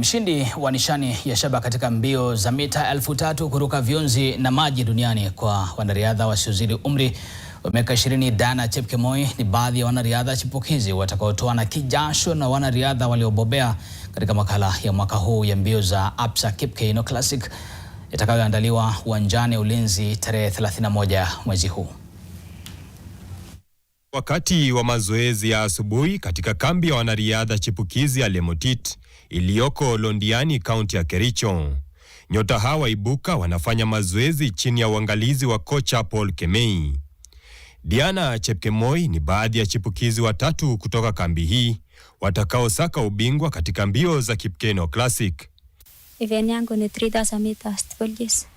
Mshindi wa nishani ya shaba katika mbio za mita elfu tatu kuruka viunzi na maji duniani kwa wanariadha wasiozidi umri wa miaka 20 Dana Chepkemoi ni baadhi ya wanariadha chipukizi na kijasho na wanariadha waliobobea katika makala ya mwaka huu ya mbio za APSA Kipkeino Classic itakayoandaliwa uwanjani Ulinzi tarehe 31 mwezi huu. Wakati wa mazoezi ya asubuhi katika kambi ya wanariadha chipukizi ya Lemotit iliyoko Londiani, kaunti ya Kericho, nyota hawa ibuka wanafanya mazoezi chini ya uangalizi wa kocha Paul Kemei. Diana Chepkemoi ni baadhi ya chipukizi watatu kutoka kambi hii watakaosaka ubingwa katika mbio za Kipkeno Classic. Event yangu ni 3000 meters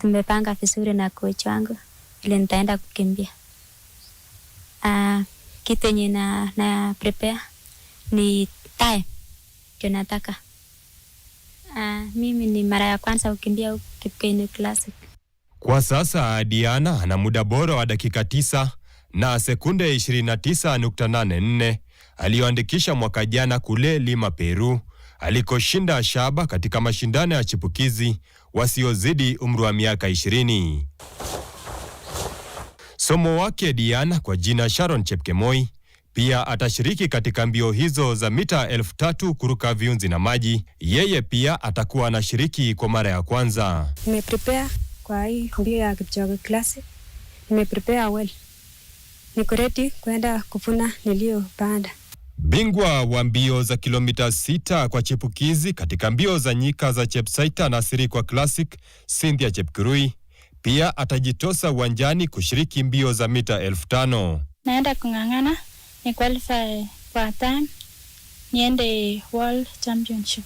tumepanga vizuri na kocha wangu, ili nitaenda kukimbia uh, kitu yenye na, na prepare ni time ndio nataka uh, mimi ni mara ya kwanza kukimbia huku Kipkeino Classic. Kwa sasa Diana ana muda bora wa dakika tisa na sekunde 29.84 aliyoandikisha mwaka jana kule Lima, Peru alikoshinda shaba katika mashindano ya chipukizi wasiozidi umri wa miaka 20. Somo wake Diana kwa jina Sharon Chepkemoi pia atashiriki katika mbio hizo za mita elfu tatu kuruka viunzi na maji. Yeye pia atakuwa anashiriki kwa mara ya kwanza. Nimeprepare kwa hii mbio ya Kipchoge Classic, nimeprepare well, niko ready kwenda kuvuna niliyopanda. Bingwa wa mbio za kilomita sita kwa chepukizi katika mbio za nyika za Chepsaita na Sirikwa Classic, Cynthia Chepkirui pia atajitosa uwanjani kushiriki mbio za mita elfu tano. Naenda kung'ang'ana ni qualify kwa time niende world championship.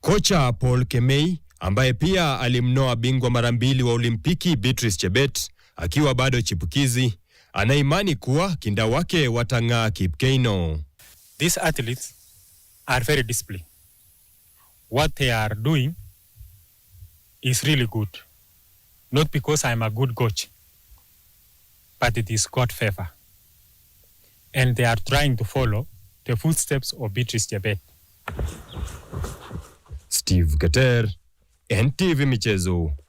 Kocha Paul Kemei ambaye pia alimnoa bingwa mara mbili wa Olimpiki Beatrice Chebet akiwa bado chipukizi, ana imani kuwa kinda wake watang'aa Kipkeino. These athletes are very disciplined. What they are doing is really good. not because I'm a good coach, but it is God favor. And they are trying to follow the footsteps of Beatrice Chebet. Steve Gater, NTV Michezo.